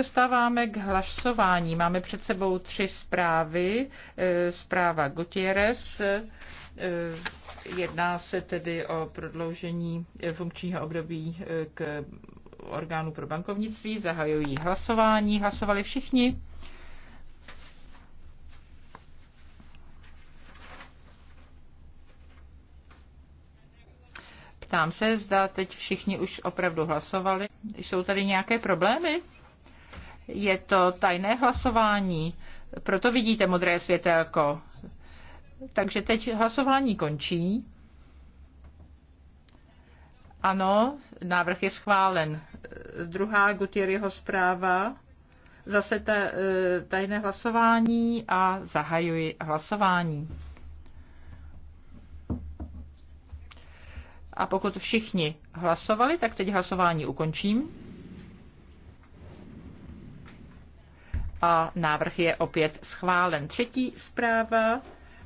dostáváme k hlasování. Máme před sebou tři zprávy. Eh, zpráva Gutierrez, eh, jedná se tedy o prodloužení eh, funkčního období k orgánu pro bankovnictví. Zahajují hlasování. Hlasovali všichni. Ptám se, zda teď všichni už opravdu hlasovali. Jsou tady nějaké problémy? Je to tajné hlasování, proto vidíte modré světelko. Takže teď hlasování končí. Ano, návrh je schválen. Druhá Gutierryho zpráva, zase ta, e, tajné hlasování a zahajuji hlasování. A pokud všichni hlasovali, tak teď hlasování ukončím. a návrh je opět schválen. Třetí zpráva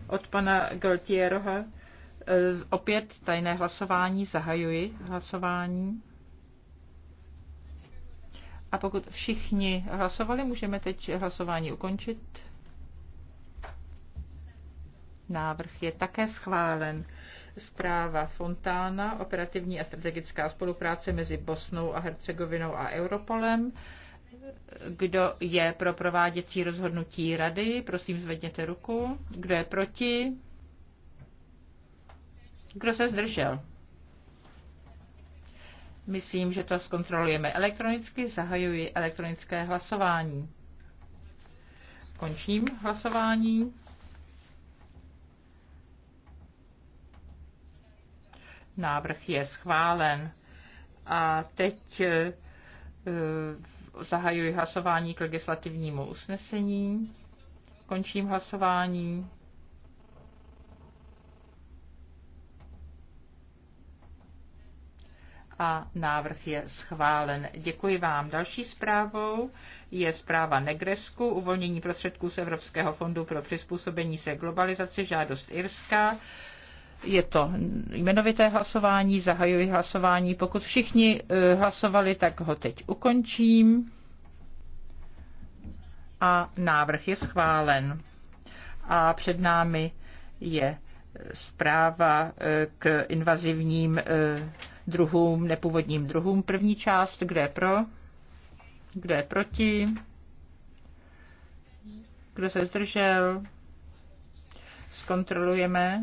od pana Galtieroha. E, opět tajné hlasování, zahajuji hlasování. A pokud všichni hlasovali, můžeme teď hlasování ukončit. Návrh je také schválen. Zpráva Fontána, operativní a strategická spolupráce mezi Bosnou a Hercegovinou a Europolem. Kdo je pro prováděcí rozhodnutí rady? Prosím, zvedněte ruku. Kdo je proti? Kdo se zdržel? Myslím, že to zkontrolujeme elektronicky. Zahajuji elektronické hlasování. Končím hlasování. Návrh je schválen. A teď eh, Zahajuji hlasování k legislativnímu usnesení. Končím hlasování. a návrh je schválen. Děkuji vám. Další zprávou je zpráva Negresku, uvolnění prostředků z Evropského fondu pro přizpůsobení se globalizaci, žádost Irska. Je to jmenovité hlasování, zahajuji hlasování. Pokud všichni eh, hlasovali, tak ho teď ukončím. A návrh je schválen. A před námi je zpráva eh, k invazivním eh, druhům, nepůvodním druhům. První část, kde je pro, kde je proti, kdo se zdržel, zkontrolujeme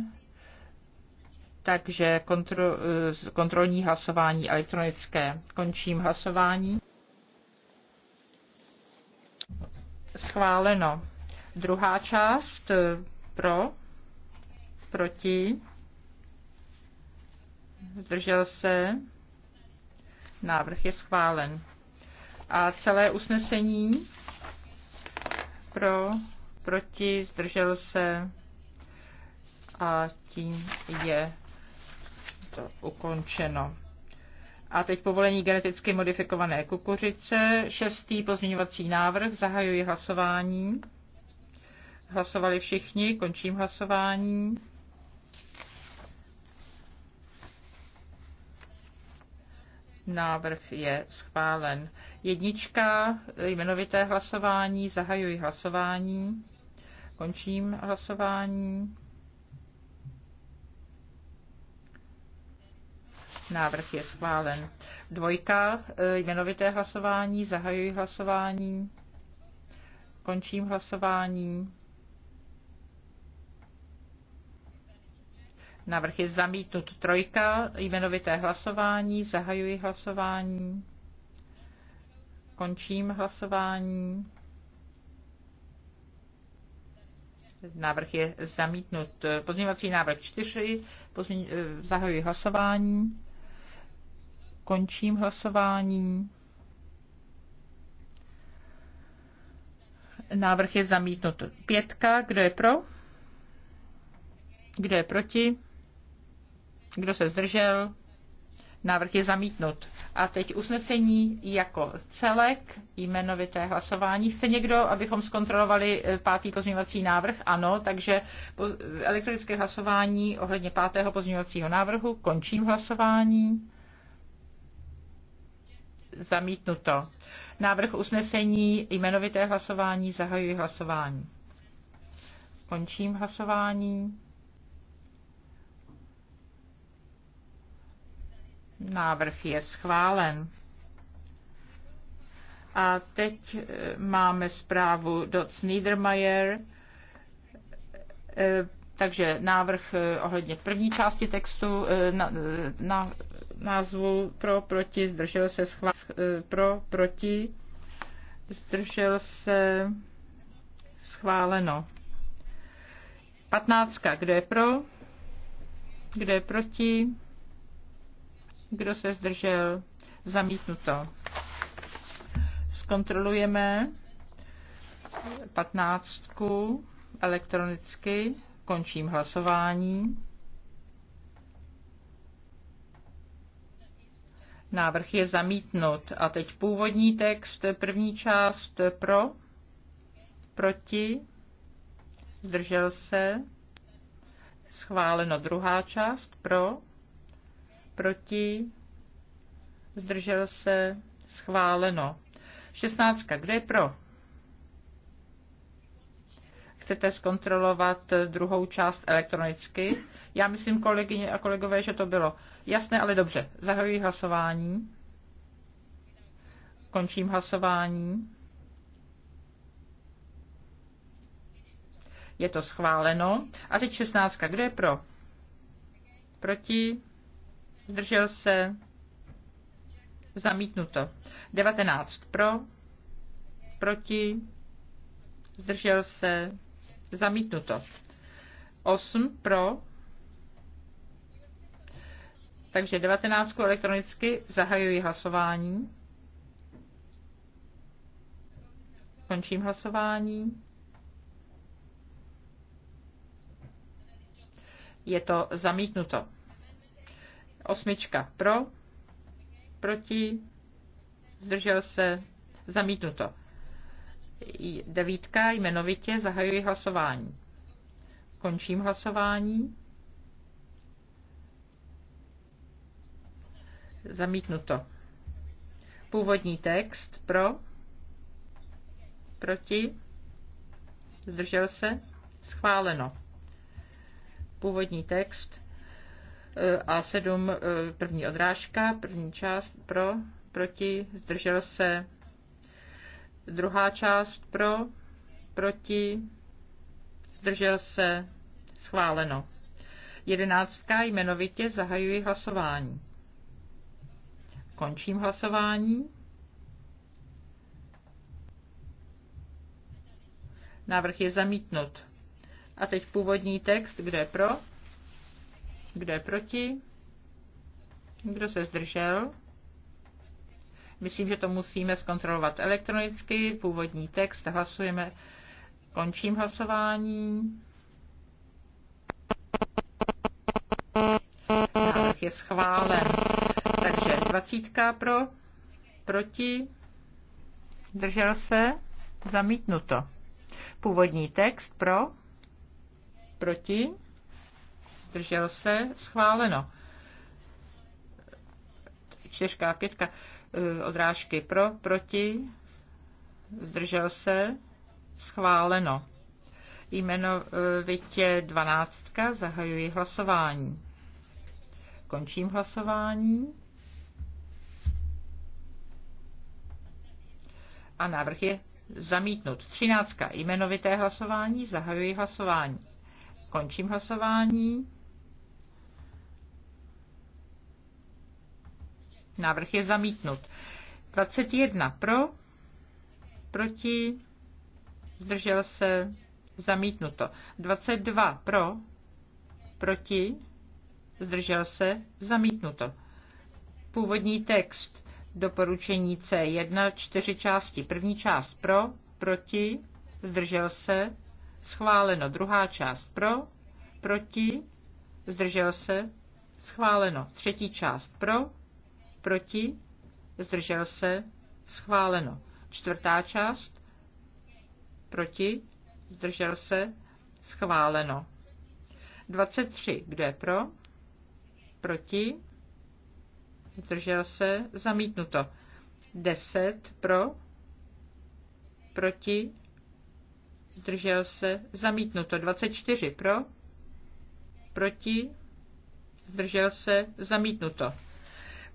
takže kontro, eh, kontrolní hlasování elektronické. Končím hlasování. Schváleno. Druhá část eh, pro, proti, zdržel se, návrh je schválen. A celé usnesení pro, proti, zdržel se a tím je ukončeno. A teď povolení geneticky modifikované kukuřice. Šestý pozměňovací návrh. Zahajuji hlasování. Hlasovali všichni. Končím hlasování. Návrh je schválen. Jednička, jmenovité hlasování, zahajuji hlasování, končím hlasování. Návrh je schválen. Dvojka, e, jmenovité hlasování, zahajuji hlasování, končím hlasování. Návrh je zamítnut. Trojka, jmenovité hlasování, zahajuji hlasování, končím hlasování. Návrh je zamítnut. Pozměňovací návrh 4. Pozměň, e, zahajuji hlasování. Končím hlasování. Návrh je zamítnut. Pětka, kdo je pro? Kdo je proti? Kdo se zdržel? Návrh je zamítnut. A teď usnesení jako celek, jmenovité hlasování. Chce někdo, abychom zkontrolovali eh, pátý pozměňovací návrh? Ano, takže eh, elektronické hlasování ohledně pátého pozměňovacího návrhu. Končím hlasování zamítnuto. Návrh usnesení jmenovité hlasování zahajuji hlasování. Končím hlasování. Návrh je schválen. A teď eh, máme zprávu do Niedermayer eh, takže návrh eh, ohledně první části textu eh, na, eh, na názvu pro, proti, zdržel se schvál, pro, proti, zdržel se schváleno. Patnáctka, kdo je pro, kdo je proti, kdo se zdržel, zamítnuto. Zkontrolujeme patnáctku elektronicky. Končím hlasování. Návrh je zamítnut. A teď původní text, první část pro, proti, zdržel se, schváleno druhá část pro, proti, zdržel se, schváleno. 16. Kde je pro? chcete zkontrolovat druhou část elektronicky. Já myslím, kolegyně a kolegové, že to bylo jasné, ale dobře. Zahajuji hlasování. Končím hlasování. Je to schváleno. A teď 16. Kdo je pro? Proti? Zdržel se? Zamítnuto. 19 pro, proti, zdržel se, Zamítnuto. 8 pro. Takže 19 elektronicky zahajuji hlasování. Končím hlasování. Je to zamítnuto. Osmička pro, proti, zdržel se, zamítnuto. Devítka jmenovitě zahajuji hlasování. Končím hlasování. Zamítnuto. Původní text pro, proti, zdržel se, schváleno. Původní text eh, A7, eh, první odrážka, první část pro, proti, zdržel se, Druhá část pro, proti, zdržel se, schváleno. Jedenáctka jmenovitě zahajuji hlasování. Končím hlasování. Návrh je zamítnut. A teď původní text, kdo je pro, kdo je proti, kdo se zdržel, Myslím, že to musíme zkontrolovat elektronicky. Původní text hlasujeme. Končím hlasování. Návrh je schválen. Takže dvacítka pro, proti, držel se, zamítnuto. Původní text pro, proti, držel se, schváleno čtyřka a pětka eh, odrážky pro, proti, zdržel se, schváleno. Jmenovitě dvanáctka, zahajuji hlasování. Končím hlasování. A návrh je zamítnut. Třináctka, jmenovité hlasování, zahajuji hlasování. Končím hlasování. Návrh je zamítnut. 21 pro, proti, zdržel se, zamítnuto. 22 pro, proti, zdržel se, zamítnuto. Původní text doporučení C1, čtyři části. První část pro, proti, zdržel se, schváleno. Druhá část pro, proti, zdržel se, schváleno. Třetí část pro, proti, zdržel se, schváleno. Čtvrtá část, proti, zdržel se, schváleno. 23, kdo je pro, proti, zdržel se, zamítnuto. 10 pro, proti, zdržel se, zamítnuto. 24 pro, proti, zdržel se, zamítnuto.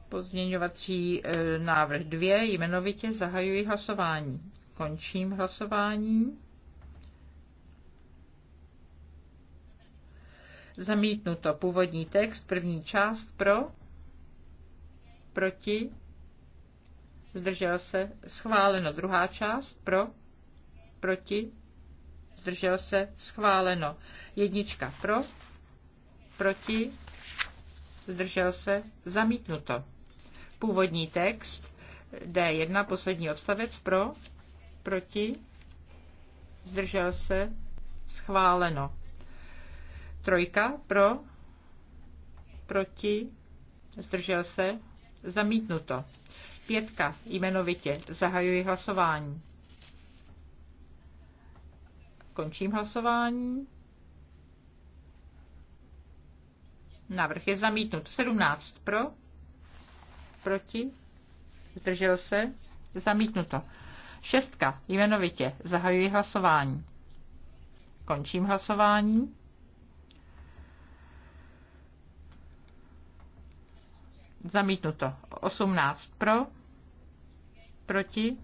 Pozměňovací e, návrh 2 jmenovitě zahajuji hlasování. Končím hlasování. Zamítnuto původní text, první část pro, proti, zdržel se, schváleno druhá část pro, proti, zdržel se, schváleno jednička pro, proti, zdržel se, zamítnuto. Původní text D1, poslední odstavec pro, proti, zdržel se, schváleno. Trojka pro, proti, zdržel se, zamítnuto. Pětka jmenovitě, zahajuji hlasování. Končím hlasování. Návrh je zamítnut. 17 pro, proti, zdržel se, zamítnuto. Šestka, jmenovitě, zahajuji hlasování. Končím hlasování. Zamítnuto. 18 pro, proti,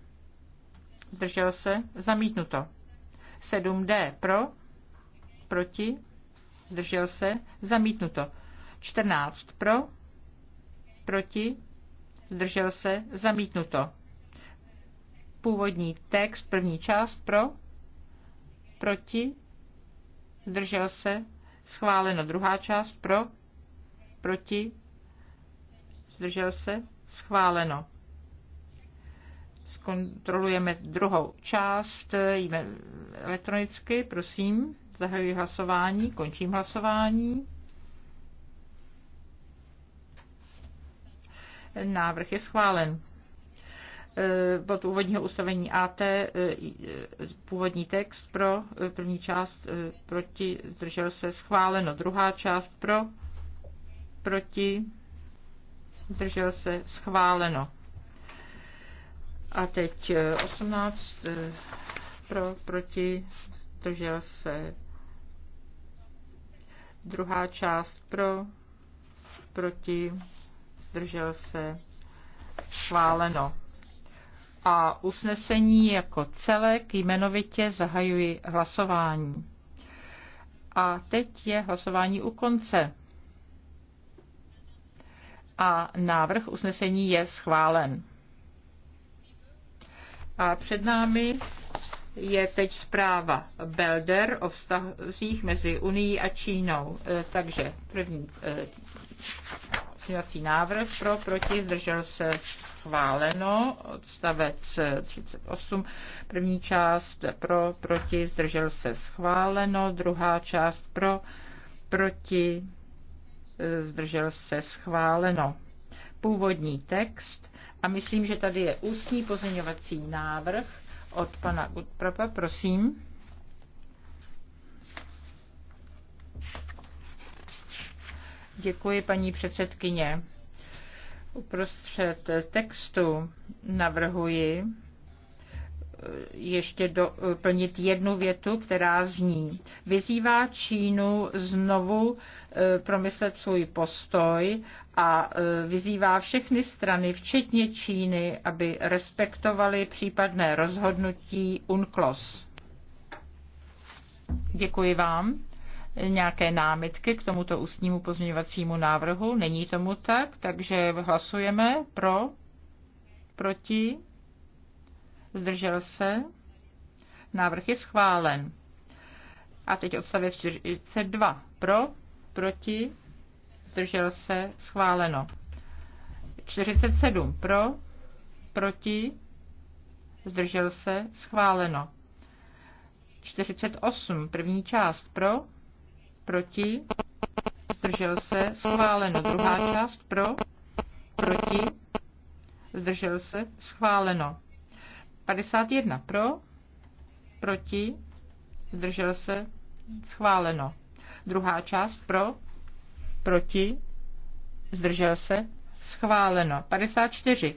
zdržel se, zamítnuto. 7D pro, proti, zdržel se, zamítnuto. 14 pro, proti, zdržel se, zamítnuto. Původní text, první část pro, proti, zdržel se, schváleno. Druhá část pro, proti, zdržel se, schváleno. Zkontrolujeme druhou část jíme elektronicky, prosím. Zahajuji hlasování, končím hlasování. Návrh je schválen. Eh, bod úvodního ustavení AT, eh, eh, původní text pro první část proti, zdržel se schváleno. Druhá část pro, proti, zdržel se schváleno. A teď 18 pro, proti, zdržel se druhá část pro, proti, zdržel se, schváleno. A usnesení jako celek jmenovitě zahajuji hlasování. A teď je hlasování u konce. A návrh usnesení je schválen. A před námi je teď zpráva Belder o vztazích mezi Unii a Čínou. E, takže první e, Pozměňovací návrh pro, proti, zdržel se schváleno. Odstavec 38, první část pro, proti, zdržel se schváleno. Druhá část pro, proti, e, zdržel se schváleno. Původní text a myslím, že tady je ústní pozměňovací návrh od pana Utprapa, prosím. Děkuji, paní předsedkyně. Uprostřed textu navrhuji eh, ještě doplnit jednu větu, která zní. Vyzývá Čínu znovu eh, promyslet svůj postoj a eh, vyzývá všechny strany, včetně Číny, aby respektovali případné rozhodnutí UNCLOS. Děkuji vám nějaké námitky k tomuto ústnímu pozměňovacímu návrhu? Není tomu tak, takže hlasujeme pro, proti, zdržel se. Návrh je schválen. A teď odstavec 42. Pro, proti, zdržel se, schváleno. 47. Pro, proti, zdržel se, schváleno. 48. První část pro, proti, zdržel se, schváleno. Druhá část pro, proti, zdržel se, schváleno. 51 pro, proti, zdržel se, schváleno. Druhá část pro, proti, zdržel se, schváleno. 54.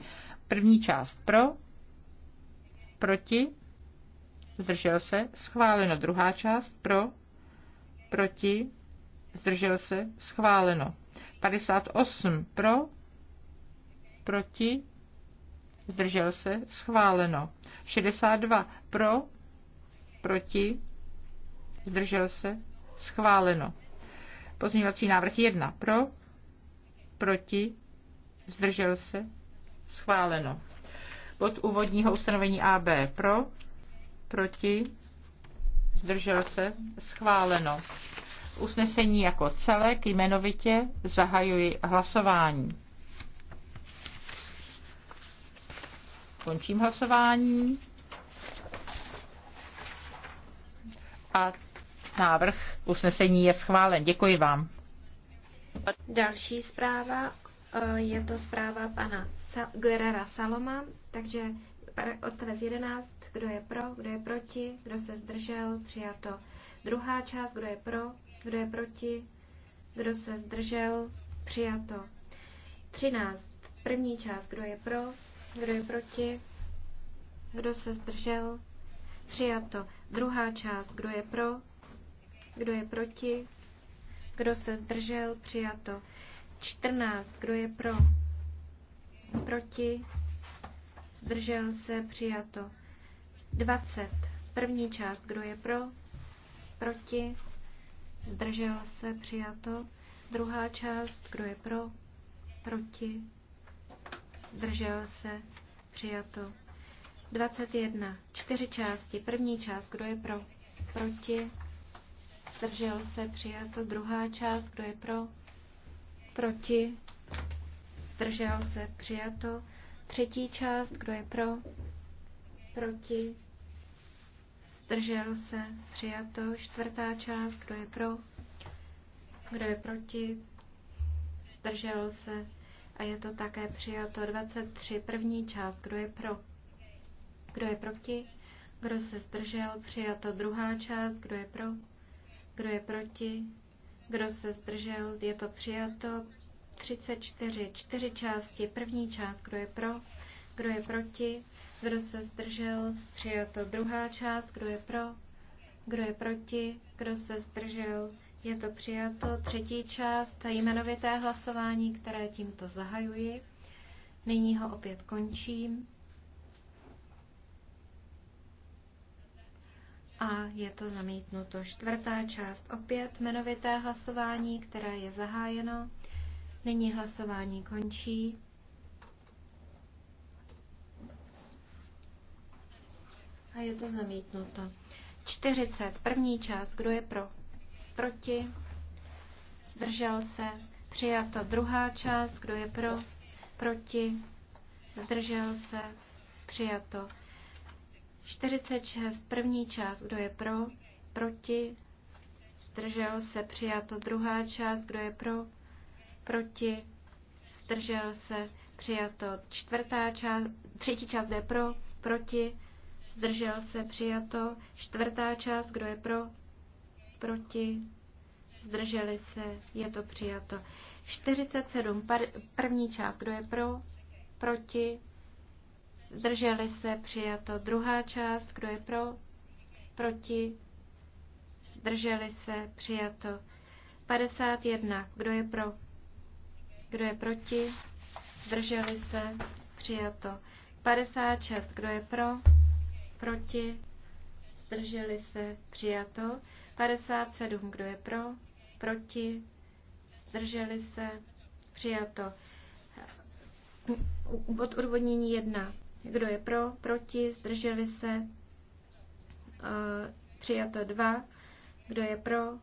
První část pro, proti, zdržel se, schváleno. Druhá část pro, proti, zdržel se, schváleno. 58 pro, proti, zdržel se, schváleno. 62 pro, proti, zdržel se, schváleno. Pozměňovací návrh 1 pro, proti, zdržel se, schváleno. Bod úvodního ustanovení AB pro, proti, zdržel se, schváleno usnesení jako celek jmenovitě zahajuji hlasování. Končím hlasování. A návrh usnesení je schválen. Děkuji vám. Další zpráva eh, je to zpráva pana Guerrera Saloma, takže odstavec 11, kdo je pro, kdo je proti, kdo se zdržel, přijato. Druhá část, kdo je pro, kdo je proti? Kdo se zdržel? Přijato. 13. První část. Kdo je pro? Kdo je proti? Kdo se zdržel? Přijato. Druhá část. Kdo je pro? Kdo je proti? Kdo se zdržel? Přijato. 14. Kdo je pro? Proti? Zdržel se? Přijato. 20. První část. Kdo je pro? Proti? zdržel se, přijato. Druhá část, kdo je pro, proti, zdržel se, přijato. 21. Čtyři části. První část, kdo je pro, proti, zdržel se, přijato. Druhá část, kdo je pro, proti, zdržel se, přijato. Třetí část, kdo je pro, proti, zdržel se, přijato. Čtvrtá část, kdo je pro, kdo je proti, zdržel se a je to také přijato. 23, první část, kdo je pro, kdo je proti, kdo se zdržel, přijato. Druhá část, kdo je pro, kdo je proti, kdo se zdržel, je to přijato. 34, čtyři části, první část, kdo je pro, kdo je proti, kdo se zdržel, přijato druhá část, kdo je pro, kdo je proti, kdo se zdržel, je to přijato třetí část jmenovité hlasování, které tímto zahajuji. Nyní ho opět končím. A je to zamítnuto. Čtvrtá část opět jmenovité hlasování, které je zahájeno. Nyní hlasování končí. A je to zamítnuto. 40. První část. Kdo je pro? Proti? Zdržel se? Přijato. Druhá část. Kdo je pro? Proti? Zdržel se? Přijato. 46. První část. Kdo je pro? Proti? Zdržel se? Přijato. Druhá část. Kdo je pro? Proti? Zdržel se? Přijato. Čtvrtá část. Třetí část. Kdo je pro? Proti? zdržel se, přijato. Čtvrtá část, kdo je pro, proti, zdrželi se, je to přijato. 47, první část, kdo je pro, proti, zdrželi se, přijato. Druhá část, kdo je pro, proti, zdrželi se, přijato. 51, kdo je pro, kdo je proti, zdrželi se, přijato. 56, kdo je pro, proti, zdrželi se, přijato. 57, kdo je pro, proti, zdrželi se, přijato. Bod odvodnění 1. Kdo je pro, proti, zdrželi se, eh, přijato 2. Kdo je pro,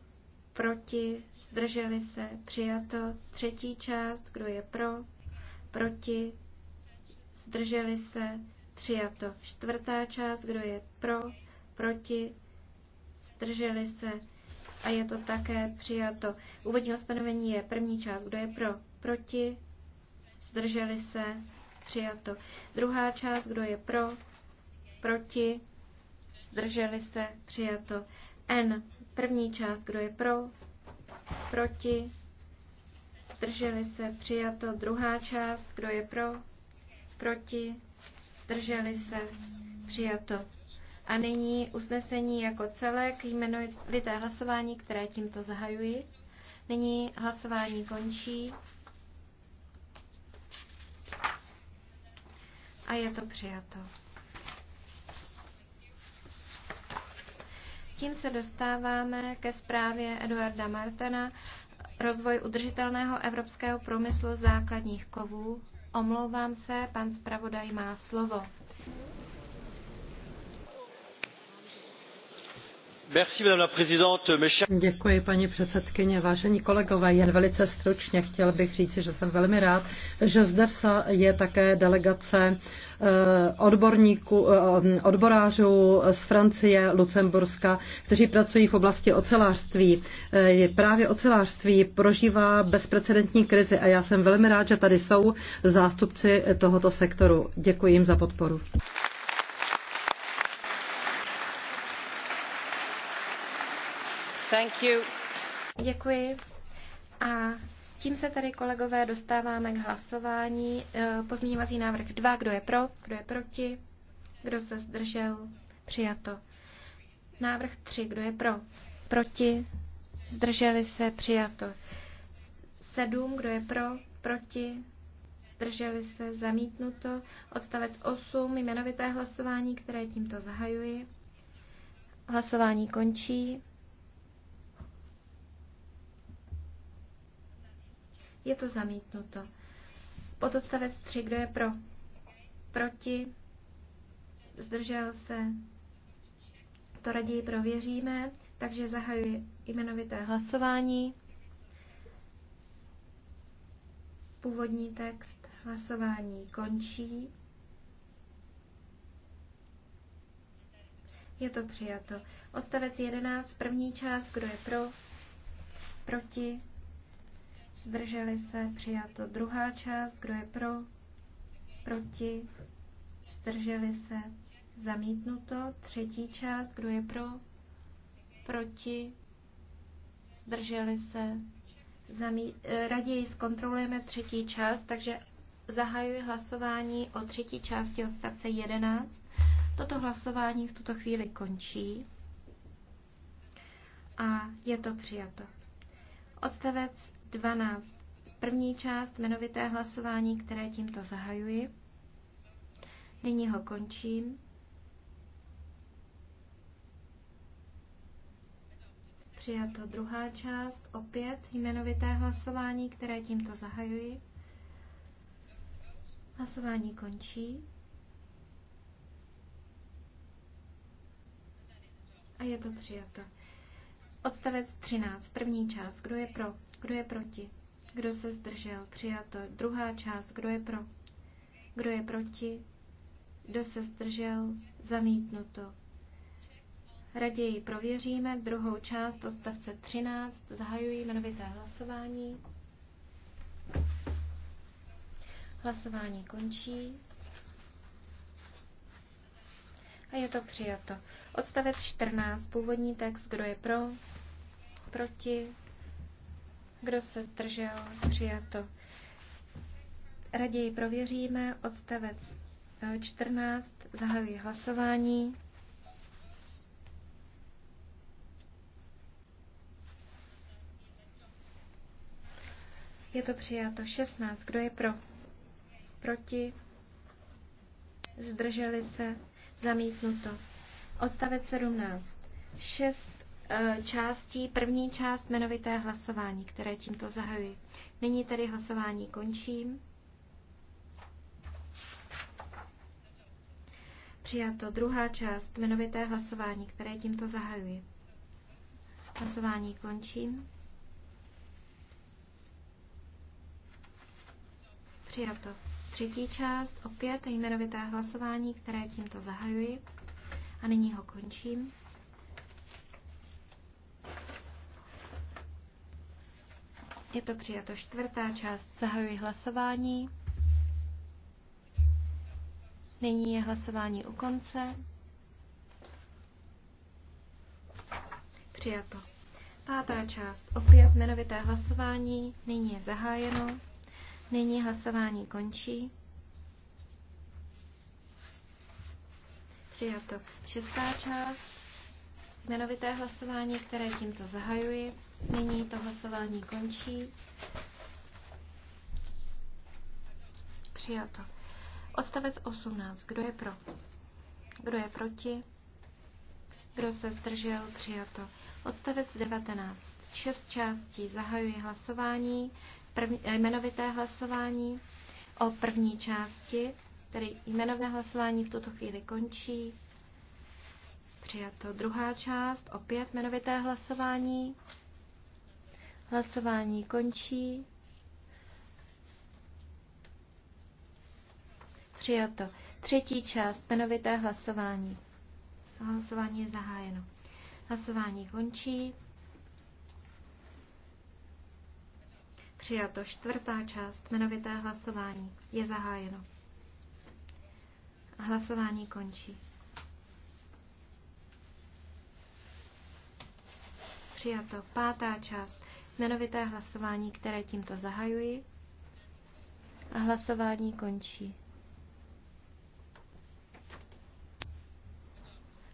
proti, zdrželi se, přijato. Třetí část, kdo je pro, proti, zdrželi se, Přijato. Čtvrtá část, kdo je pro, proti, zdrželi se a je to také přijato. Úvodní ustanovení je první část, kdo je pro, proti, zdrželi se, přijato. Druhá část, kdo je pro, proti, zdrželi se, přijato. N, první část, kdo je pro, proti, zdrželi se, přijato. Druhá část, kdo je pro, proti, zdrželi se, přijato. A nyní usnesení jako celek, jmenovité hlasování, které tímto zahajuji. Nyní hlasování končí. A je to přijato. Tím se dostáváme ke zprávě Eduarda Martena rozvoj udržitelného evropského průmyslu základních kovů Omlouvám se, pan zpravodaj má slovo. Děkuji, paní předsedající Vážení kolegové, jen velice stručně chtěl bych říci, že jsem velmi rád, že zde je také delegace eh, eh, odborářů z Francie, Lucemburska, kteří pracují v oblasti ocelářství. Eh, právě ocelářství prožívá bezprecedentní krizi a já jsem velmi rád, že tady jsou zástupci tohoto sektoru. Děkuji jim za podporu. Thank you. Děkuji. A tím se tady, kolegové, dostáváme k hlasování. E, pozměňovací návrh 2. Kdo je pro? Kdo je proti? Kdo se zdržel? Přijato. Návrh 3. Kdo je pro? Proti? Zdrželi se? Přijato. 7. Kdo je pro? Proti? Zdrželi se? Zamítnuto. Odstavec 8. Jmenovité hlasování, které tímto zahajuji. Hlasování končí. Je to zamítnuto. Pod odstavec 3, kdo je pro? Proti? Zdržel se? To raději prověříme, takže zahajuji jmenovité hlasování. Původní text hlasování končí. Je to přijato. Odstavec 11, první část, kdo je pro, proti, zdrželi se, přijato. Druhá část, kdo je pro, proti, zdrželi se, zamítnuto. Třetí část, kdo je pro, proti, zdrželi se, zamí- eh, raději zkontrolujeme třetí část, takže zahajuji hlasování o třetí části odstavce 11. Toto hlasování v tuto chvíli končí a je to přijato. Odstavec 12. První část jmenovité hlasování, které tímto zahajuji. Nyní ho končím. Přijato druhá část, opět jmenovité hlasování, které tímto zahajuji. Hlasování končí. A je to přijato. Odstavec 13, první část. Kdo je pro? Kdo je proti? Kdo se zdržel? Přijato. Druhá část. Kdo je pro? Kdo je proti? Kdo se zdržel? Zamítnuto. Raději prověříme druhou část odstavce 13. Zahajuji jmenovité hlasování. Hlasování končí. A je to přijato. Odstavec 14. Původní text. Kdo je pro? Proti? Kdo se zdržel? Přijato. Raději prověříme odstavec 14. Eh, Zahajuji hlasování. Je to přijato 16. Kdo je pro? Proti? Zdrželi se? Zamítnuto. Odstavec 17. 6 E, částí, první část jmenovité hlasování, které tímto zahajuji. Nyní tedy hlasování končím. Přijato druhá část jmenovité hlasování, které tímto zahajuji. Hlasování končím. Přijato třetí část, opět jmenovité hlasování, které tímto zahajuji. A nyní ho končím. Je to přijato čtvrtá část. Zahajuji hlasování. Nyní je hlasování u konce. Přijato. Pátá část. Opět jmenovité hlasování. Nyní je zahájeno. Nyní hlasování končí. Přijato. Šestá část jmenovité hlasování, které tímto zahajuji. Nyní to hlasování končí. Přijato. Odstavec 18. Kdo je pro? Kdo je proti? Kdo se zdržel? Přijato. Odstavec 19. Šest částí. zahajuje hlasování, první, eh, jmenovité hlasování o první části, tedy jmenové hlasování v tuto chvíli končí. Přijato. Druhá část, opět jmenovité hlasování. Hlasování končí. Přijato. Třetí část, jmenovité hlasování. Hlasování je zahájeno. Hlasování končí. Přijato čtvrtá část, jmenovité hlasování. Je zahájeno. Hlasování končí. Přijato. Pátá část. Jmenovité hlasování, které tímto zahajuji. A hlasování končí.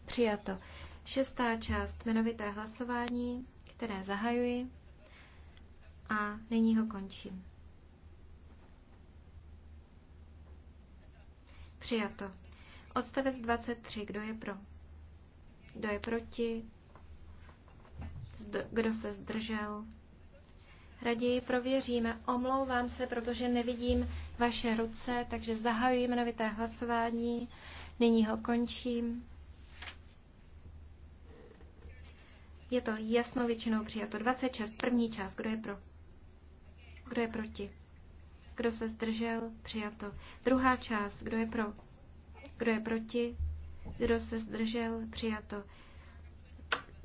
Přijato. Šestá část. Jmenovité hlasování, které zahajuji. A nyní ho končím. Přijato. Odstavec 23. Kdo je pro? Kdo je proti? kdo se zdržel. Raději prověříme. Omlouvám se, protože nevidím vaše ruce, takže zahajuji jmenovité hlasování. Nyní ho končím. Je to jasnou většinou přijato. 26. První část. Kdo je pro? Kdo je proti? Kdo se zdržel? Přijato. Druhá část. Kdo je pro? Kdo je proti? Kdo se zdržel? Přijato.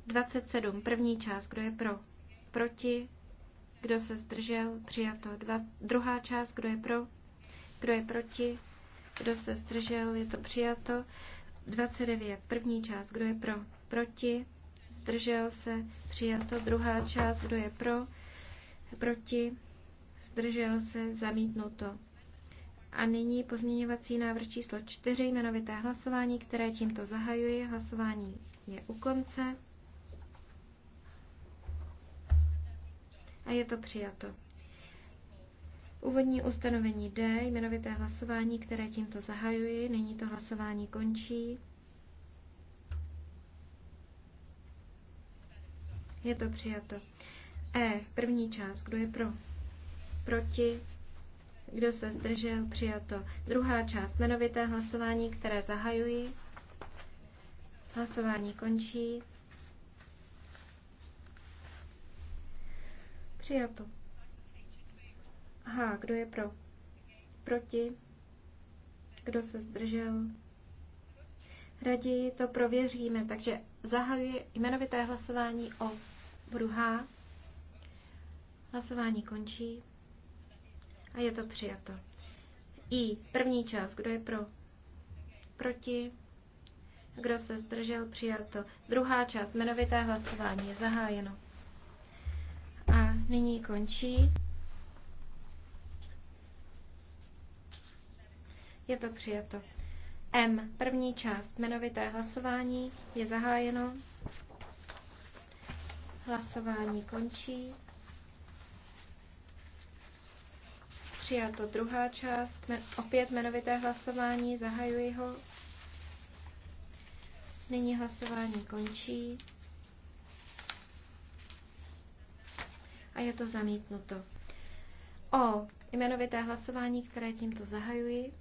27. První část. Kdo je pro? Proti? Kdo se zdržel? Přijato. Dva, druhá část. Kdo je pro? Kdo je proti? Kdo se zdržel? Je to přijato. 29. První část. Kdo je pro? Proti? Zdržel se? Přijato. Druhá část. Kdo je pro? Proti? Zdržel se? Zamítnuto. A nyní pozměňovací návrh číslo 4, jmenovité hlasování, které tímto zahajuji. Hlasování je u konce. a je to přijato. Úvodní ustanovení D, jmenovité hlasování, které tímto zahajuji. Nyní to hlasování končí. Je to přijato. E, první část, kdo je pro? Proti? Kdo se zdržel? Přijato. Druhá část, jmenovité hlasování, které zahajuji. Hlasování končí. Přijato. Aha, kdo je pro? Proti? Kdo se zdržel? Raději to prověříme, takže zahajuji jmenovité hlasování o bodu H. Hlasování končí a je to přijato. I. První část. Kdo je pro? Proti? Kdo se zdržel? Přijato. Druhá část. Jmenovité hlasování je zahájeno nyní končí. Je to přijato. M. První část jmenovité hlasování je zahájeno. Hlasování končí. Přijato druhá část, opět jmenovité hlasování, zahajuji ho. Nyní hlasování končí. a je to zamítnuto. O jmenovité hlasování, které tímto zahajuji.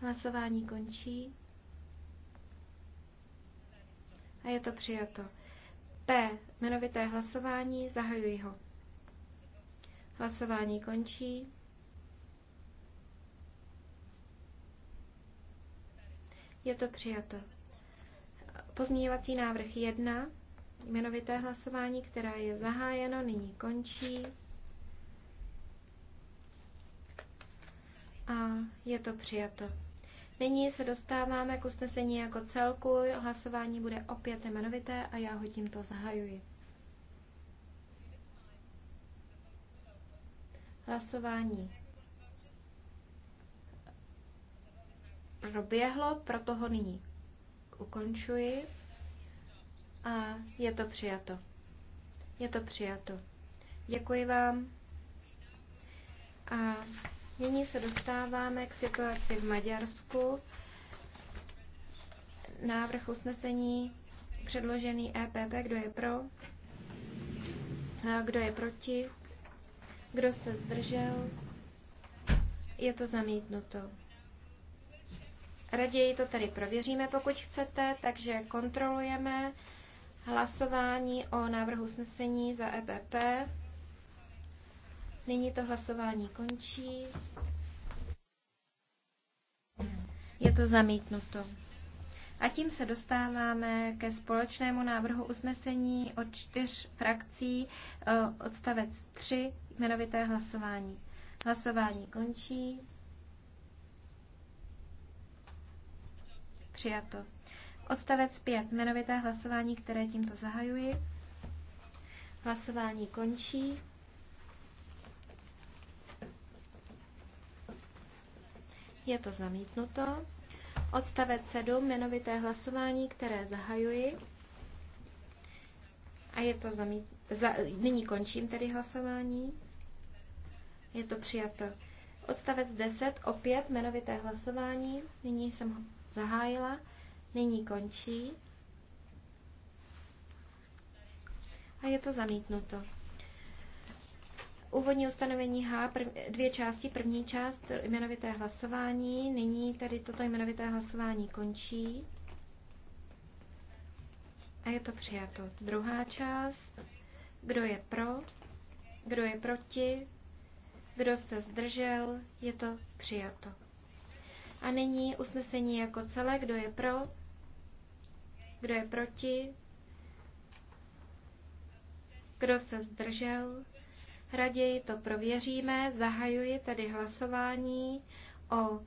Hlasování končí. A je to přijato. P. Jmenovité hlasování. Zahajuji ho. Hlasování končí. Je to přijato. Pozměňovací návrh 1 jmenovité hlasování, která je zahájeno, nyní končí. A je to přijato. Nyní se dostáváme k usnesení jako celku. Hlasování bude opět jmenovité a já ho tímto zahajuji. Hlasování proběhlo, proto ho nyní ukončuji. A je to přijato. Je to přijato. Děkuji vám. A nyní se dostáváme k situaci v Maďarsku. Návrh usnesení předložený EPP. Kdo je pro? kdo je proti? Kdo se zdržel? Je to zamítnuto. Raději to tady prověříme, pokud chcete, takže kontrolujeme hlasování o návrhu usnesení za EPP. Nyní to hlasování končí. Je to zamítnuto. A tím se dostáváme ke společnému návrhu usnesení od čtyř frakcí e, odstavec 3 jmenovité hlasování. Hlasování končí. Přijato. Odstavec 5. Jmenovité hlasování, které tímto zahajuji. Hlasování končí. Je to zamítnuto. Odstavec 7. Jmenovité hlasování, které zahajuji. A je to zamít... Za... Nyní končím tedy hlasování. Je to přijato. Odstavec 10. Opět jmenovité hlasování. Nyní jsem ho zahájila nyní končí a je to zamítnuto. Úvodní ustanovení H, prv, dvě části. První část jmenovité hlasování. Nyní tady toto jmenovité hlasování končí. A je to přijato. Druhá část. Kdo je pro? Kdo je proti? Kdo se zdržel? Je to přijato. A nyní usnesení jako celé. Kdo je pro? Kdo je proti? Kdo se zdržel? Raději to prověříme. Zahajuji tedy hlasování o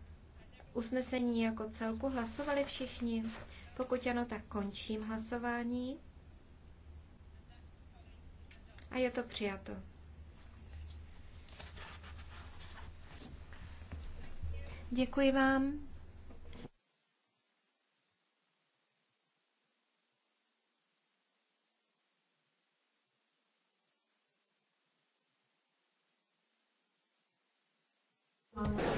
usnesení jako celku. Hlasovali všichni? Pokud ano, tak končím hlasování. A je to přijato. Děkuji vám. Thank you.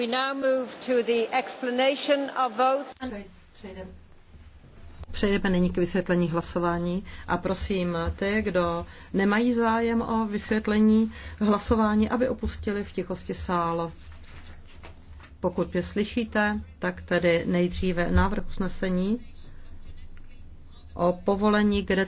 we now move to the explanation of votes. Přejdeme nyní k vysvětlení hlasování a prosím ty, kdo nemají zájem o vysvětlení hlasování, aby opustili v tichosti sál. Pokud mě slyšíte, tak tedy nejdříve návrh usnesení o povolení genetické